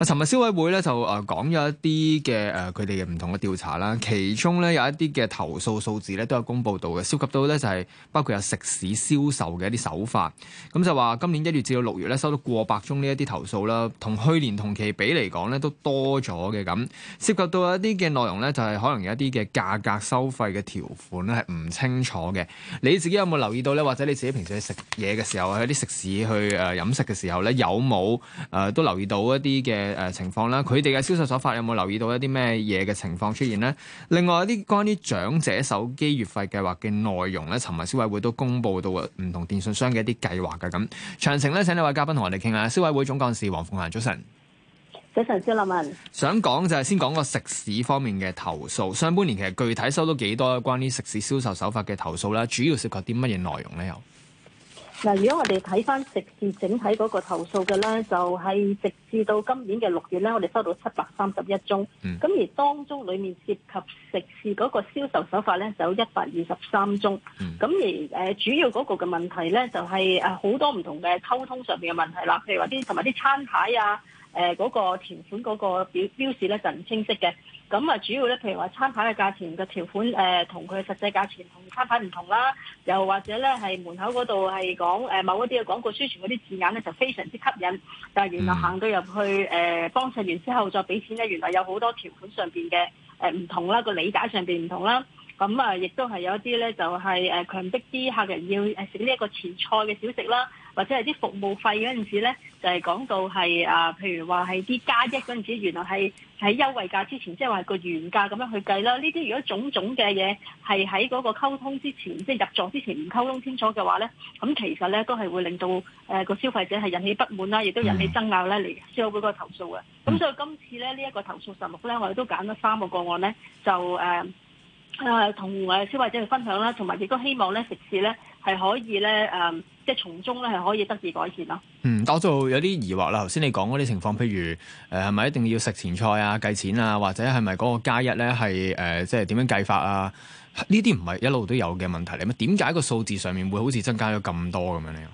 啊，尋日消委會咧就誒講咗一啲嘅佢哋嘅唔同嘅調查啦，其中咧有一啲嘅投訴數字咧都有公佈到嘅，涉及到咧就係包括有食肆銷售嘅一啲手法，咁就話今年一月至到六月咧收到過百宗呢一啲投訴啦，同去年同期比嚟講咧都多咗嘅咁，涉及到一啲嘅內容咧就係可能有一啲嘅價格收費嘅條款咧係唔清楚嘅，你自己有冇留意到咧？或者你自己平時去食嘢嘅時候，去啲食肆去誒飲食嘅時候咧，有冇、呃、都留意到一啲嘅？誒情況啦，佢哋嘅銷售手法有冇留意到一啲咩嘢嘅情況出現呢？另外一啲關於長者手機月費計劃嘅內容呢，尋日消委會都公布到唔同電信商嘅一啲計劃嘅。咁詳情呢，請呢位嘉賓同我哋傾下。消委會總幹事黃鳳嫻，早晨。早晨，蕭立文。安想講就係先講個食肆方面嘅投訴。上半年其實具體收到幾多關於食肆銷售手法嘅投訴啦？主要涉及啲乜嘢內容呢？有？嗱，如果我哋睇翻食肆整體嗰個投訴嘅咧，就係、是、直至到今年嘅六月咧，我哋收到七百三十一宗。咁、嗯、而當中裏面涉及食肆嗰個銷售手法咧，就有一百二十三宗。咁、嗯、而、呃、主要嗰個嘅問題咧，就係、是、好多唔同嘅溝通上面嘅問題啦，譬如話啲同埋啲餐牌啊。誒嗰、呃嗰個條款嗰個標示咧就唔清晰嘅，咁啊主要咧，譬如話餐牌嘅價錢嘅條款誒，同、呃、佢實際價錢同餐牌唔同啦，又或者咧係門口嗰度係講某一啲嘅廣告宣傳嗰啲字眼咧就非常之吸引，但係原來行到入去誒、呃、幫襯完之後再俾錢咧，原來有好多條款上面嘅誒唔同啦，個理解上面唔同啦，咁啊亦都係有一啲咧就係、係、誒強迫啲客人要食呢一個前菜嘅小食啦。或者係啲服務費嗰陣時咧，就係、是、講到係啊，譬如話係啲加一嗰陣時，原來係喺優惠價之前，即係話個原價咁樣去計啦。呢啲如果種種嘅嘢係喺嗰個溝通之前，即、就、係、是、入座之前唔溝通清楚嘅話咧，咁其實咧都係會令到誒個、呃、消費者係引起不滿啦，亦都引起爭拗咧嚟消保個投訴嘅。咁所以今次咧呢一、這個投訴數目咧，我哋都揀咗三個個案咧，就誒誒同誒消費者去分享啦，同埋亦都希望咧食肆咧係可以咧誒。呃。即係從中咧，係可以得以改善咯。嗯，多數有啲疑惑啦。頭先你講嗰啲情況，譬如誒係咪一定要食前菜啊、計錢啊，或者係咪嗰個加一咧係誒，即係點樣計法啊？呢啲唔係一路都有嘅問題嚟咩？點解個數字上面會好似增加咗咁多咁樣咧？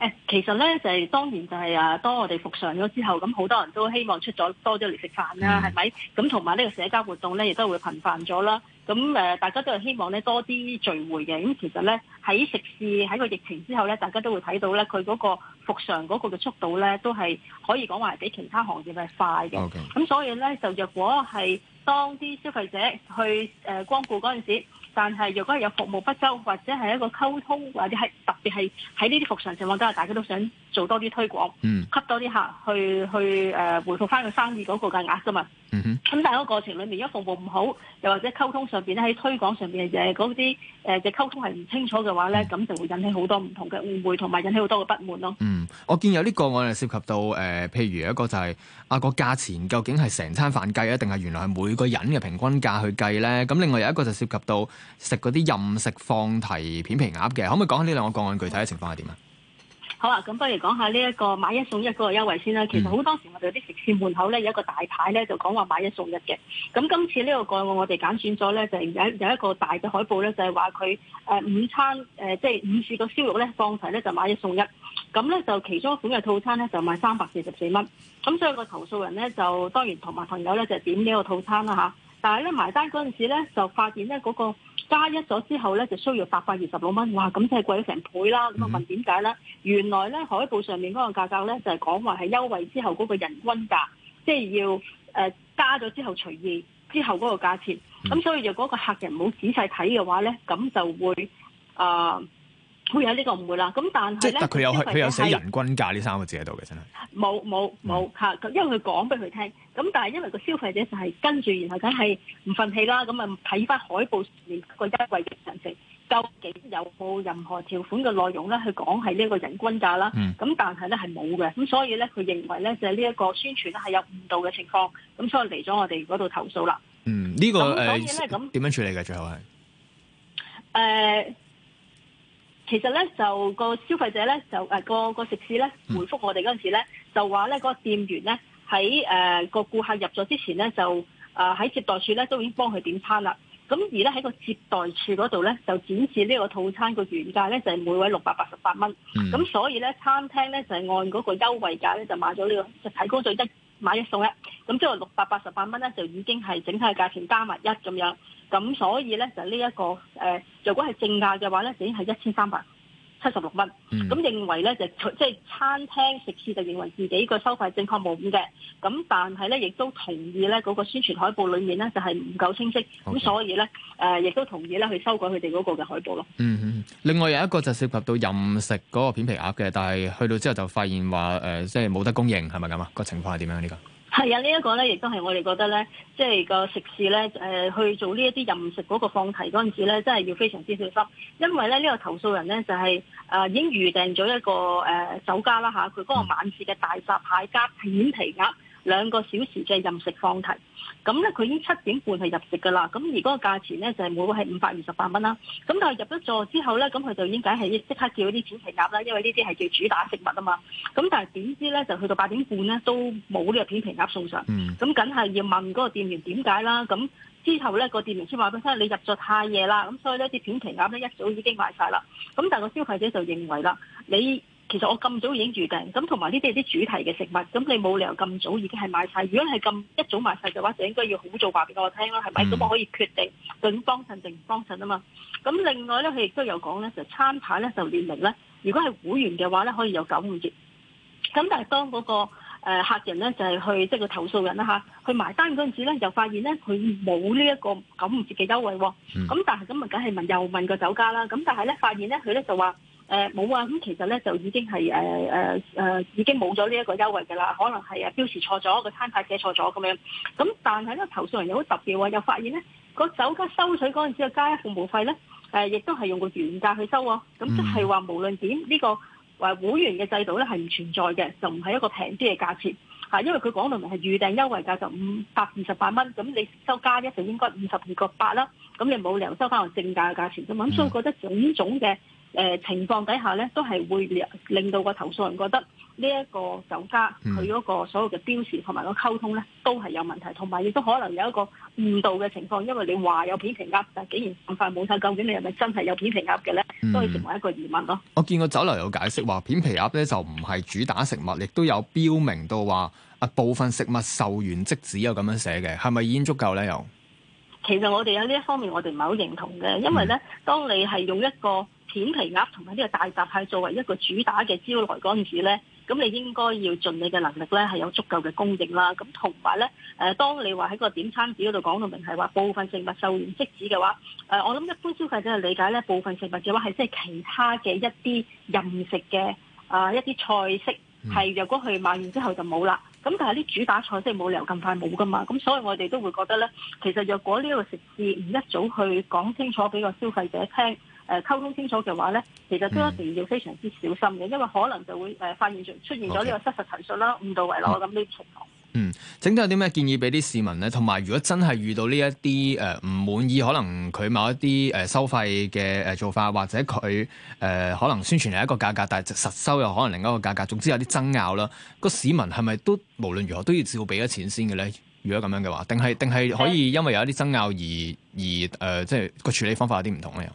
誒，其實咧就係、是、當年，就係、是、啊，當我哋復常咗之後，咁好多人都希望出咗多啲嚟食飯啦、啊，係咪、嗯？咁同埋呢個社交活動咧，亦都會頻繁咗啦。咁誒、呃，大家都係希望咧多啲聚會嘅。咁其實咧，喺食肆喺個疫情之後咧，大家都會睇到咧，佢嗰個復常嗰個嘅速度咧，都係可以講話係比其他行業係快嘅。咁 Okay. 所以咧，就若果係當啲消費者去、呃、光顧嗰陣時，但係若果係有服務不周，或者係一個溝通，或者係特別係喺呢啲復常情況之下，大家都想，做多啲推廣，吸多啲客去去誒回復返個生意嗰個價額噶嘛。咁、mm hmm. 但係喺個過程裏面，如果服務唔好，又或者溝通上邊咧，喺推廣上邊嘅嗰啲誒嘅溝通係唔清楚嘅話咧，咁就會引起好多唔同嘅誤會，同埋引起好多嘅不滿咯。嗯、mm，hmm. 我見有啲個案係涉及到誒、呃，譬如有一個就係、是、啊個價錢究竟係成餐飯計啊，定係原來係每個人嘅平均價去計咧？咁另外有一個就涉及到食嗰啲任食放題片皮鴨嘅，可唔可以講下呢兩個個案具體嘅情況係點啊？好啦、啊、咁不如講下呢一個買一送一嗰個優惠先啦、啊。其實好多時我哋啲食肆門口咧有一個大牌咧就講話買一送一嘅。咁今次呢個個案我哋揀選咗咧就有有一個大嘅海報咧就係話佢誒午餐誒即係午市個燒肉咧放題咧就買一送一。咁咧就其中一款嘅套餐咧就賣三百四十四蚊。咁所以個投訴人咧就當然同埋朋友咧就點呢個套餐啦嚇但係咧埋單嗰陣時咧，就發現咧嗰個加一咗之後咧，就需要八百二十六蚊。哇！咁真係貴咗成倍啦。咁啊問點解咧？原來咧海報上面嗰個價格咧，就係講話係優惠之後嗰個人均價，即係要，呃，加咗之後隨意之後嗰個價錢。咁所以如果個客人冇仔細睇嘅話咧，咁就會、呃會有呢個唔會呢個唔會啦，咁但係咧，即係佢有佢有寫人均價呢三個字喺度嘅，真係冇冇冇嚇，嗯、因為佢講俾佢聽，咁但係因為個消費者就係跟住，然後梗係唔憤氣啦，咁啊睇翻海報上面個優惠嘅形式，究竟有冇任何條款嘅內容咧？佢講係呢一個人均價啦，咁、嗯、但係咧係冇嘅，咁所以咧佢認為咧就係呢一個宣傳係有誤導嘅情況，咁所以嚟咗我哋嗰度投訴啦。嗯，呢個誒點樣處理嘅最後係誒？呃其實咧就個消費者咧就誒個、啊個食肆咧回覆我哋嗰陣時咧就話咧嗰個店員咧喺誒個顧客入咗之前咧就誒喺接待處咧都已經幫佢點餐啦。咁而咧喺個接待處嗰度咧就展示呢個套餐個原價咧就係每位六百八十八蚊。咁、嗯、所以咧餐廳咧就係按嗰個優惠價咧就買咗呢、呢個就提供咗一買一送一。咁即係六百八十八蚊咧就已經係整體價錢加埋一咁樣。咁所以咧就呢一、這個誒、呃，如果係正價嘅話咧，已經係一千三百七十六蚊。咁、嗯、認為咧就即係、就是、餐廳食肆就認為自己個收費正確冇誤嘅，咁但係咧亦都同意咧嗰、那個宣傳海報裡面咧就係唔夠清晰。咁 Okay. 所以咧誒亦都同意咧去修改佢哋嗰個嘅海報咯。嗯，另外有一個就是涉及到任食嗰個片皮鴨嘅，但係去到之後就發現話誒、呃、即係冇得供應，係咪咁啊？個情況係點樣呢個？係啊，呢一、這個咧，亦都係我哋覺得咧，即係個食肆咧，誒、呃、去做呢一啲任食嗰個放題嗰陣時咧，真係要非常之小心，因為咧呢、這個投訴人咧就係、是、誒、呃、已經預訂咗一個誒、呃、酒家啦嚇，佢嗰個晚市嘅大閘蟹加片皮鴨。兩個小時嘅任食放題，咁呢，佢已經七點半係入食㗎啦，咁而嗰個價錢呢，就係每個係五百二十八蚊啦，咁但係入咗座之後呢，咁佢就已經梗係即刻叫啲片皮鴨啦，因為呢啲係叫主打食物啊嘛，咁但係點知呢，就去到八點半呢，都冇呢個片皮鴨送上，咁梗係要問嗰個店員點解啦，咁之後呢，個店員先話俾佢聽，你入咗太夜啦，咁所以呢，啲片皮鴨呢一早已經賣晒啦，咁但係消費者就認為啦，你。其實我咁早已經預訂，咁同埋呢啲係啲主題嘅食物，咁你冇理由咁早已經係買晒。如果係咁一早買晒嘅話，就應該要好早話俾我聽啦，係咪？咁、嗯、我可以決定究竟幫襯定唔幫襯啊嘛。咁另外咧，佢亦都有講咧，就餐牌咧就列明咧，如果係會員嘅話咧，可以有九五折。咁但係當嗰個客人咧就係、是、去即係個投訴人啦吓去埋單嗰陣時咧，就發現咧佢冇呢一個九五折嘅優惠喎。咁、嗯、但係咁咪梗係問又問個酒家啦。咁但係咧發現咧，佢咧就話。誒冇啊！咁其實咧就已經係誒誒誒已經冇咗呢一個優惠㗎喇。可能係啊標示錯咗，個餐牌寫錯咗咁樣。咁但係咧，投訴人又好特別喎，又發現咧個酒家收取嗰陣時嘅加一服務費咧，誒、呃、亦都係用個原價去收喎。咁即係話無論點，呢個誒會員嘅制度咧係唔存在嘅，就唔係一個平啲嘅價錢。啊！因為佢講到明係預訂優惠價就五百二十八蚊，咁你收加一就應該五十二個八啦。咁你冇理由收返個正價嘅價錢啫嘛。咁所以覺得種種嘅誒情況底下咧，都係會令到個投訴人覺得呢一個酒家佢嗰、嗯、個所有嘅標示同埋個溝通咧都係有問題，同埋亦都可能有一個誤導嘅情況。因為你話有片皮鴨，但係竟然咁快冇晒，究竟你係咪真係有片皮鴨嘅咧？都係成為一個疑問咯、啊嗯。我見過酒樓有解釋話，片皮鴨咧就唔係主打食物，亦都有標明到話啊部分食物售完即止。有咁樣寫嘅，係咪已經足夠呢？又其實我哋喺呢一方面，我哋唔係好認同嘅，因為呢，當你係用一個片皮鴨同埋呢個大閘蟹作為一個主打嘅招徠嗰陣時咧。咁你應該要盡你嘅能力咧，係有足夠嘅供應啦。咁同埋咧，誒、呃，當你話喺個點餐紙嗰度講到明，係話部分食物售完即止嘅話，呃、我諗一般消費者理解咧，部分食物嘅話係即係其他嘅一啲任食嘅啊、呃，一啲菜式係若果佢賣完之後就冇啦。咁但係啲主打菜式冇理由咁快冇噶嘛。咁所以我哋都會覺得咧，其實若果呢個個食肆唔一早去講清楚俾個消費者聽。誒溝通清楚嘅話咧，其實都一定要非常之小心嘅，嗯、因為可能就會誒發現出出現咗呢個失實陳述啦、唔、嗯、到位咯咁呢啲情況。嗯，整啲有啲咩建議俾啲市民咧？同埋，如果真係遇到呢一啲誒唔滿意，可能佢某一啲誒、呃、收費嘅誒做法，或者佢誒、呃、可能宣傳係一個價格，但係實收又可能另一個價格，總之有啲爭拗啦。嗯、個市民係咪都無論如何都要照俾咗錢先嘅咧？如果咁樣嘅話，定係定係可以因為有一啲爭拗而而誒、呃，即係個處理方法有啲唔同咧？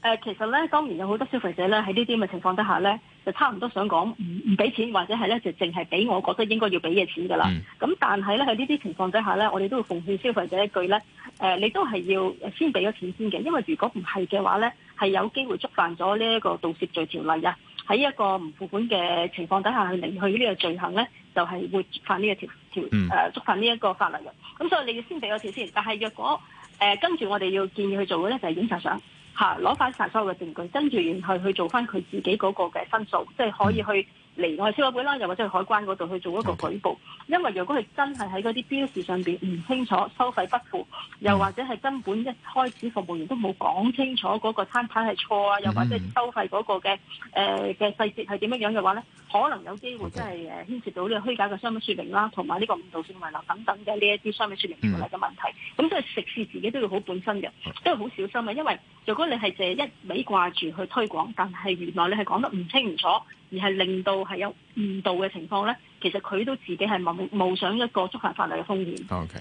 誒、呃，其實咧，當然有好多消費者咧，喺呢啲咁嘅情況底下咧，就差唔多想講唔唔俾錢，或者係咧就淨係俾我覺得應該要俾嘅錢㗎啦。咁、嗯、但係咧喺呢啲情況底下咧，我哋都會奉勸消費者一句咧，誒、呃，你都係要先俾咗錢先嘅，因為如果唔係嘅話咧，係有機會觸犯咗呢一個盜竊罪條例啊。喺一個唔付款嘅情況底下，去離去呢個罪行咧，就係、是、會觸犯呢個條條誒觸犯呢一個法律嘅。咁所以你要先俾咗錢先，但係若果誒跟住我哋要建議去做嘅咧，就係、是、影相。嚇！攞翻曬所有嘅證據，跟住然後去做翻佢自己嗰個嘅申訴，即係可以去。嚟我哋消委會啦，又或者去海關嗰度去做一個舉報，Okay. 因為如果係真係喺嗰啲標示上邊唔清楚收費不符，又或者係根本一開始服務員都冇講清楚嗰個餐牌係錯啊，又或者收費嗰個嘅誒嘅細節係點樣樣嘅話咧，可能有機會真係誒牽涉到呢個虛假嘅商品説明啦，同埋呢個誤導性物流等等嘅呢一啲商品説明條例嘅問題。咁都係食肆自己都要好本身嘅，都係 Okay. 好小心嘅，因為如果你係淨係一味掛住去推廣，但係原來你係講得唔清唔楚。而係令到係有誤導嘅情況咧，其實佢都自己係冇冒上一個觸犯法律嘅風險。OK。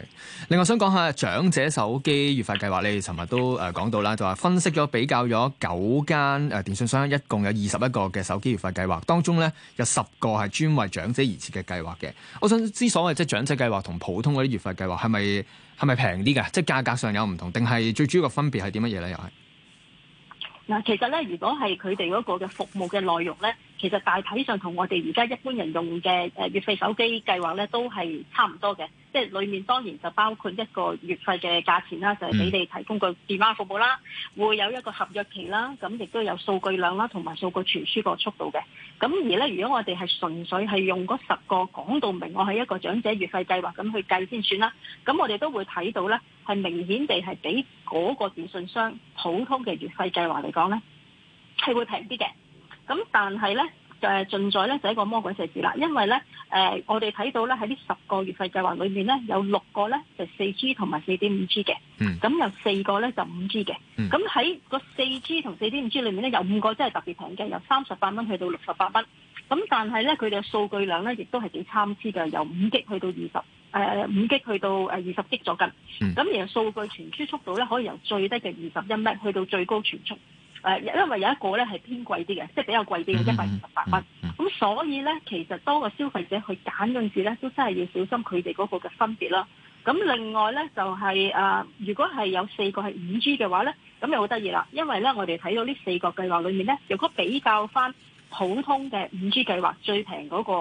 另外想一下，想講下長者手機月費計劃，你哋尋日都誒、呃、講到啦，就話、是、分析咗比較咗九間誒電信商，一共有二十一個嘅手機月費計劃，當中咧有十個係專為長者而設嘅計劃嘅。我想知道所謂即係長者計劃同普通嗰啲月費計劃係咪係咪平啲嘅？即係價格上有唔同，定係最主要嘅分別係點乜嘢咧？又係嗱，其實咧，如果係佢哋嗰個嘅服務嘅內容咧。其實大體上同我哋而家一般人用嘅誒月費手機計劃咧，都係差唔多嘅。即係裡面當然就包括一個月費嘅價錢啦，就係畀你哋提供個電話服務啦，會有一個合約期啦，咁亦都有數據量啦，同埋數據傳輸個速度嘅。咁而咧，如果我哋係純粹係用嗰十個講到明，我係一個長者月費計劃咁去計先算啦。咁我哋都會睇到咧，係明顯地係比嗰個電信商普通嘅月費計劃嚟講咧，係會平啲嘅。咁但係咧，誒盡在咧就係、是、個魔鬼設字啦，因為咧，誒、呃、我哋睇到咧喺呢十個月費計劃裏面咧，有六個咧就四、是、G 同埋四點五 G 嘅，咁、嗯、有四個咧就五、是、G 嘅，咁喺、嗯、個四 G 同四點五 G 裏面咧，有五個真係特別平嘅，由三十八蚊去到六十八蚊，咁但係咧，佢哋嘅數據量咧亦都係幾參差嘅，由五 G 去到二十誒五 G 去到二十 G 左近，咁然後、嗯、數據傳輸速度咧可以由最低嘅二十一 Mbps 去到最高傳速。誒，因為有一個咧係偏貴啲嘅，即係比較貴啲嘅一百二十八蚊。咁所以咧，其實多個消費者去揀嗰陣時咧，都真係要小心佢哋嗰個嘅分別啦。咁另外咧就係、是、誒、呃，如果係有四個係五 G 嘅話咧，咁又好得意啦。因為咧，我哋睇到呢四個計劃裏面咧，如果比較翻普通嘅五 G 計劃最平嗰個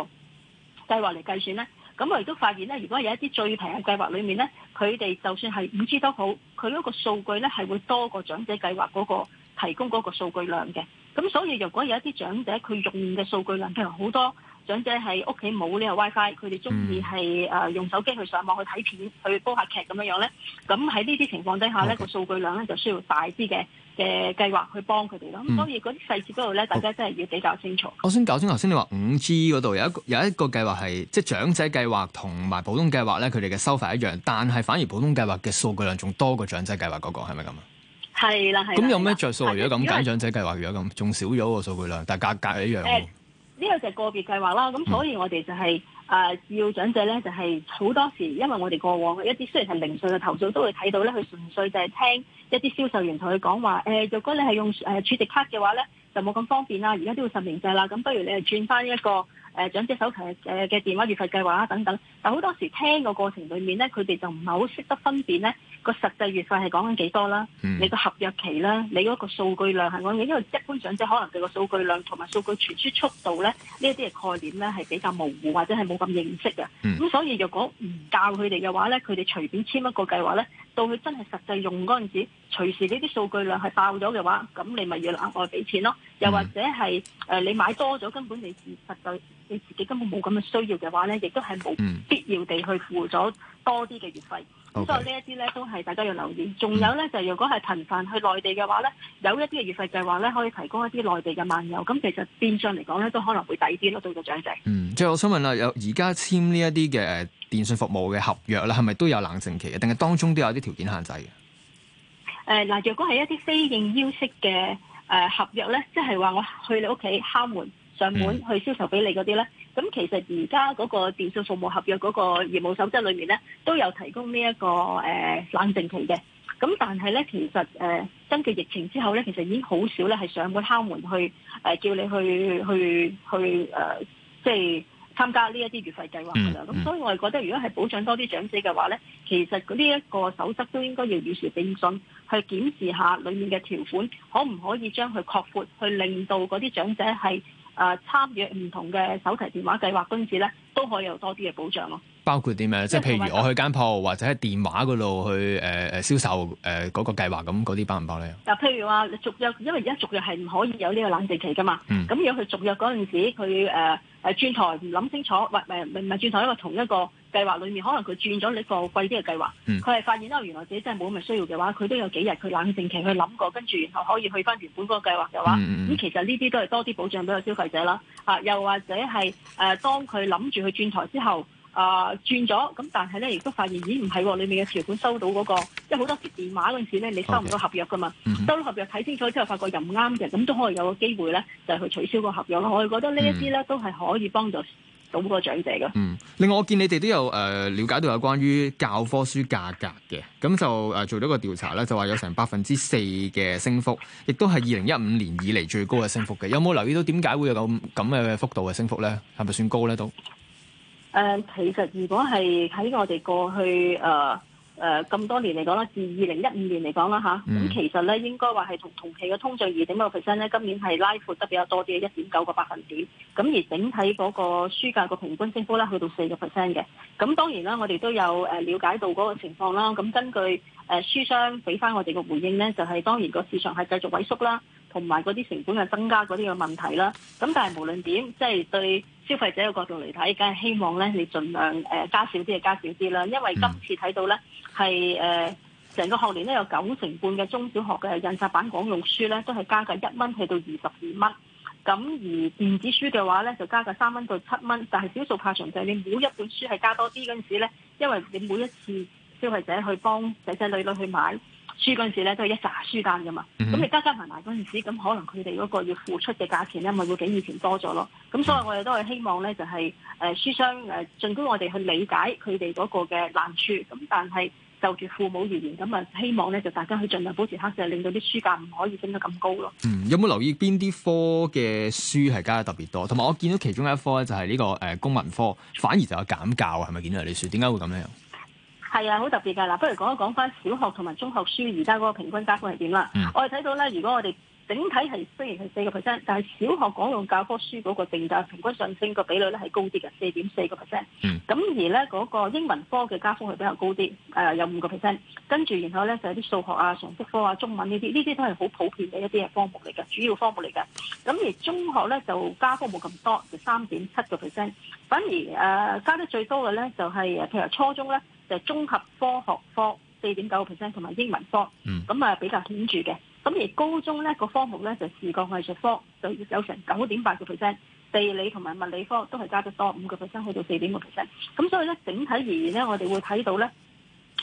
計劃嚟計算咧，咁我亦都發現咧，如果有一啲最平嘅計劃裏面咧，佢哋就算係五 G 都好，佢嗰個數據咧係會多過長者計劃嗰個。提供嗰個數據量嘅，咁所以如果有一啲長者佢用嘅數據量，譬如好多長者係屋企冇呢個 WiFi，佢哋中意係誒用手機去上網去睇片、去煲下劇咁樣樣咧，咁喺呢啲情況底下咧，個 Okay. 數據量咧就需要大啲嘅嘅計劃去幫佢哋咯。咁、嗯、所以嗰啲細節嗰度咧，好大家真係要比較清楚。我先搞清頭先你話五 G 嗰度有一個有一個計劃係即係長者計劃同埋普通計劃咧，佢哋嘅收費一樣，但係反而普通計劃嘅數據量仲多過長者計劃嗰、嗰個，係咪咁啊？啦，咁有咩着數？如果咁揀長者計劃，如果咁，仲少咗個數據量，但係價格一樣。喎、啊。呢個就係個別計劃啦。咁所以我哋就係、是呃、要長者咧，就係好多時，嗯、因為我哋過往一啲雖然係零碎嘅投訴，都會睇到咧，佢純粹就係聽一啲銷售員同佢講話如果、呃、你係用誒、呃、儲值卡嘅話咧，就冇咁方便啦。而家都要實名制啦，咁不如你係轉翻一個誒、呃、長者手提誒嘅、呃、電話月費計劃等等。但好多時聽個過,過程裏面咧，佢哋就唔係好識得分辨咧。個實際月費係講緊幾多啦？嗯、你個合約期啦，你嗰個數據量係講緊，因為一般長者可能對個數據量同埋數據傳輸速度咧呢一啲嘅概念咧係比較模糊或者係冇咁認識嘅。咁、嗯、所以若果唔教佢哋嘅話咧，佢哋隨便簽一個計劃咧，到佢真係實際用嗰陣時候，隨時呢啲數據量係爆咗嘅話，咁你咪要額外俾錢咯。又或者係誒、嗯呃、你買多咗，根本你實際就。你自己根本冇咁嘅需要嘅話咧，亦都係冇必要地去付咗多啲嘅月費。咁、嗯、所以呢一啲咧都係大家要留意。仲、嗯、有咧就係如果係頻繁去內地嘅話咧，有一啲嘅月費計劃咧可以提供一啲內地嘅漫遊。咁其實變相嚟講咧都可能會抵啲咯，對個長者。嗯，即係我想問啊，有而家簽呢一啲嘅電信服務嘅合約啦，係咪都有冷靜期嘅？定係當中都有啲條件限制嘅？誒嗱、呃，若果係一啲非應邀式嘅誒、呃、合約咧，即係話我去你屋企敲門。上門去銷售俾你嗰啲呢，咁其實而家嗰個電訊服務合約嗰個業務守則裏面呢，都有提供呢、這、一個誒、呃、冷靜期嘅。咁但係呢，其實誒根據疫情之後呢，其實已經好少呢係上門敲門去誒、呃、叫你去去去誒、呃，即係參加呢一啲月費計劃㗎啦。咁所以我哋覺得，如果係保障多啲長者嘅話呢，其實呢一個守則都應該要與時並進，去檢視下裡面嘅條款，可唔可以將佢擴闊，去令到嗰啲長者係誒、啊、參與唔同嘅手提電話計劃時呢，均子咧都可以有多啲嘅保障咯、啊。包括點樣？即係譬如我去間鋪或者喺電話嗰度去誒、呃、銷售嗰、呃那個計劃，咁嗰啲包唔包咧？嗱、啊，譬如話續約，因為而家續約係唔可以有呢個冷靜期噶嘛。咁、嗯、如果佢續約嗰陣時，佢誒誒轉台唔諗清楚，喂誒誒唔係轉台，因為同一個，計劃裏面可能佢轉咗呢個貴啲嘅計劃，佢係、嗯、發現原來自己真係冇咩需要嘅話，佢都有幾日佢冷靜期去諗過，跟住然後可以去翻原本嗰個計劃嘅話，咁、嗯嗯、其實呢啲都係多啲保障俾個消費者啦、啊。又或者係誒、呃，當佢諗住去轉台之後，啊轉咗，咁但係咧亦都發現，咦唔係喎，裏、哦、面嘅條款收到嗰、那個，因為好多接電話嗰陣時咧，你收唔到合約噶嘛，嗯、收到合約睇、嗯、清楚之後，發覺又唔啱嘅，咁都可以有機會咧，就係、去取消個合約，我哋覺得呢一啲咧，嗯、都係可以幫助。到個長者㗎。嗯，另外我見你哋都有誒瞭解到有關於教科書價格嘅，咁就誒做咗個調查咧，就話有成百分之四嘅升幅，亦都係二零一五年以嚟最高嘅升幅嘅。有冇留意到點解會有咁咁嘅幅度嘅升幅咧？係咪算高咧？都誒，其實如果係喺我哋過去誒。誒咁、呃、多年嚟講啦，至二零一五年嚟講啦嚇，咁、啊嗯嗯、其實咧應該話係同同期嘅通脹二點幾個 percent 咧，今年係拉闊得比較多啲，一點九個百分點。咁、嗯、而整體嗰個書價個平均升幅咧，去到四個 percent 嘅。咁、嗯、當然啦，我哋都有誒瞭、呃、解到嗰個情況啦。咁、嗯、根據誒、呃、書商俾翻我哋嘅回應咧，就係、是、當然個市場係繼續萎縮啦，同埋嗰啲成本嘅增加嗰啲嘅問題啦。咁、嗯、但係無論點，即係對消費者嘅角度嚟睇，梗係希望咧，你盡量誒加少啲就加少啲啦。因為今次睇到咧，係誒成個學年咧有九成半嘅中小學嘅印刷版講用書咧，都係加價一蚊去到二十二蚊。咁而電子書嘅話咧，就加價三蚊到七蚊。但係小數怕長就係、是、你每一本書係加多啲嗰陣時咧，因為你每一次消費者去幫仔仔女女去買，書嗰陣時咧都係一扎書單噶嘛，咁你加加埋埋嗰陣時，咁可能佢哋嗰個要付出嘅價錢咧，咪會比以前多咗咯。咁所以我哋都係希望咧，就係誒書商誒，儘管我哋去理解佢哋嗰個嘅難處，咁但係就住父母而言，咁啊希望咧就大家去儘量保持克制，令到啲書價唔可以升得咁高咯。嗯，有冇留意邊啲科嘅書係加得特別多？同埋我見到其中一科咧，就係呢個誒公民科，反而就有減價，係咪見到你書？點解會咁樣？係啊，好特別㗎嗱，不如講一講返小學同埋中學書而家嗰個平均加幅係點啦？嗯、我哋睇到咧，如果我哋整體係雖然係四個 percent，但係小學講用教科書嗰個定價平均上升個比率咧係高啲嘅四點四個 percent。咁、嗯、而咧嗰、那個英文科嘅加幅係比較高啲，誒、呃、有五個 percent。跟住然後咧就係啲數學啊、常識科啊、中文呢啲，呢啲都係好普遍嘅一啲科目嚟嘅，主要科目嚟嘅。咁而中學咧就加幅冇咁多，就三點七個 percent。反而誒、呃、加得最多嘅咧就係、是、誒譬如初中咧。就綜合科學科四點九個 percent，同埋英文科，咁啊比較顯著嘅。咁而高中呢個科目呢，就視覺藝術科就有成九點八個 percent，地理同埋物理科都係加得多五個 percent，去到四點五 percent。咁所以呢，整體而言呢，我哋會睇到呢，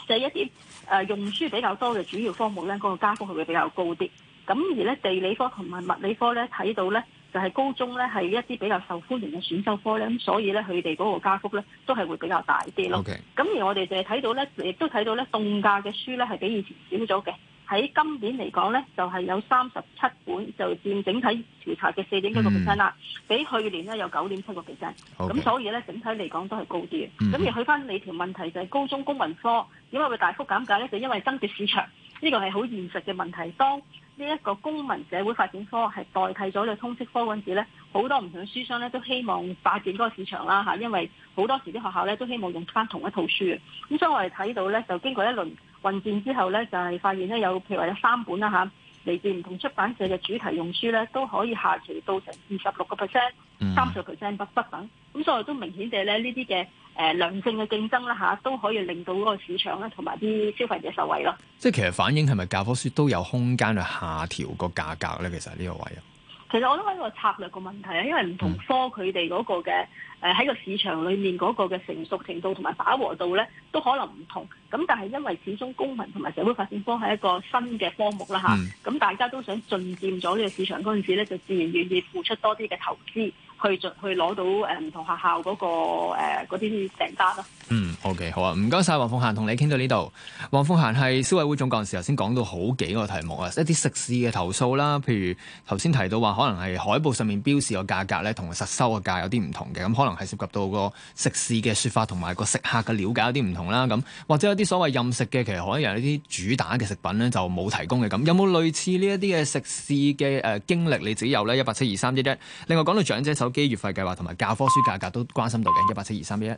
就係一啲誒用書比較多嘅主要科目呢，嗰個加幅係會比較高啲。咁而呢，地理科同埋物理科呢，睇到呢。就係高中咧，係一啲比較受歡迎嘅選修科咧，咁所以咧佢哋嗰個加幅咧都係會比較大啲咯。咁 Okay. 而我哋就係睇到咧，亦都睇到咧，凍價嘅書咧係比以前少咗嘅。喺今年嚟講咧，就係有三十七本，就佔整體調查嘅四點一個 percent 啦。Mm. 比去年咧有九點七個 percent。咁 Okay. 所以咧，整體嚟講都係高啲嘅。咁、mm hmm. 而去翻你條問題就係高中公文科點解會大幅減價咧？就係、因為增值市場，呢個係好現實嘅問題。當呢一個公民社會發展科係代替咗嘅通識科嗰陣時咧，好多唔同嘅書商咧都希望發展嗰個市場啦嚇，因為好多時啲學校咧都希望用翻同一套書嘅。咁所以我哋睇到咧，就經過一輪混戰之後咧，就係發現咧有譬如話有三本啦吓嚟自唔同出版社嘅主題用書咧，都可以下調到成二十六個 percent、三十 percent 不等。咁所以都明顯地咧，呢啲嘅。誒良性嘅競爭啦嚇，都可以令到嗰個市場咧同埋啲消費者受惠咯。即係其實反映係咪教科書都有空間去下調個價格咧？其實呢個位啊，其實我覺得呢個策略個問題啊。因為唔同科佢哋嗰個嘅誒喺個市場裏面嗰個嘅成熟程度同埋飽和度咧，都可能唔同。咁但係因為始終公民同埋社會發展科係一個新嘅科目啦嚇，咁、嗯、大家都想進佔咗呢個市場嗰陣時咧，就自然願意付出多啲嘅投資。去去攞到誒唔同學校嗰個嗰啲成單咯。嗯、那個呃、嗯，OK，好啊，唔該晒。黃鳳嫻，同你傾到呢度。黃鳳嫻係消委會總幹事，頭先講到好幾個題目啊，就是一啲食肆嘅投訴啦，譬如頭先提到話，可能係海報上面標示個價格咧，同實收嘅價有啲唔同嘅，咁可能係涉及到個食肆嘅説法同埋個食客嘅了解有啲唔同啦，咁或者有啲所謂任食嘅，其實可以有啲主打嘅食品咧就冇提供嘅咁。有冇類似呢一啲嘅食肆嘅誒經歷？你只有咧一八七二三一一。另外講到長者手機月費計劃同埋教科書價格都關心到嘅，一八七二三一一。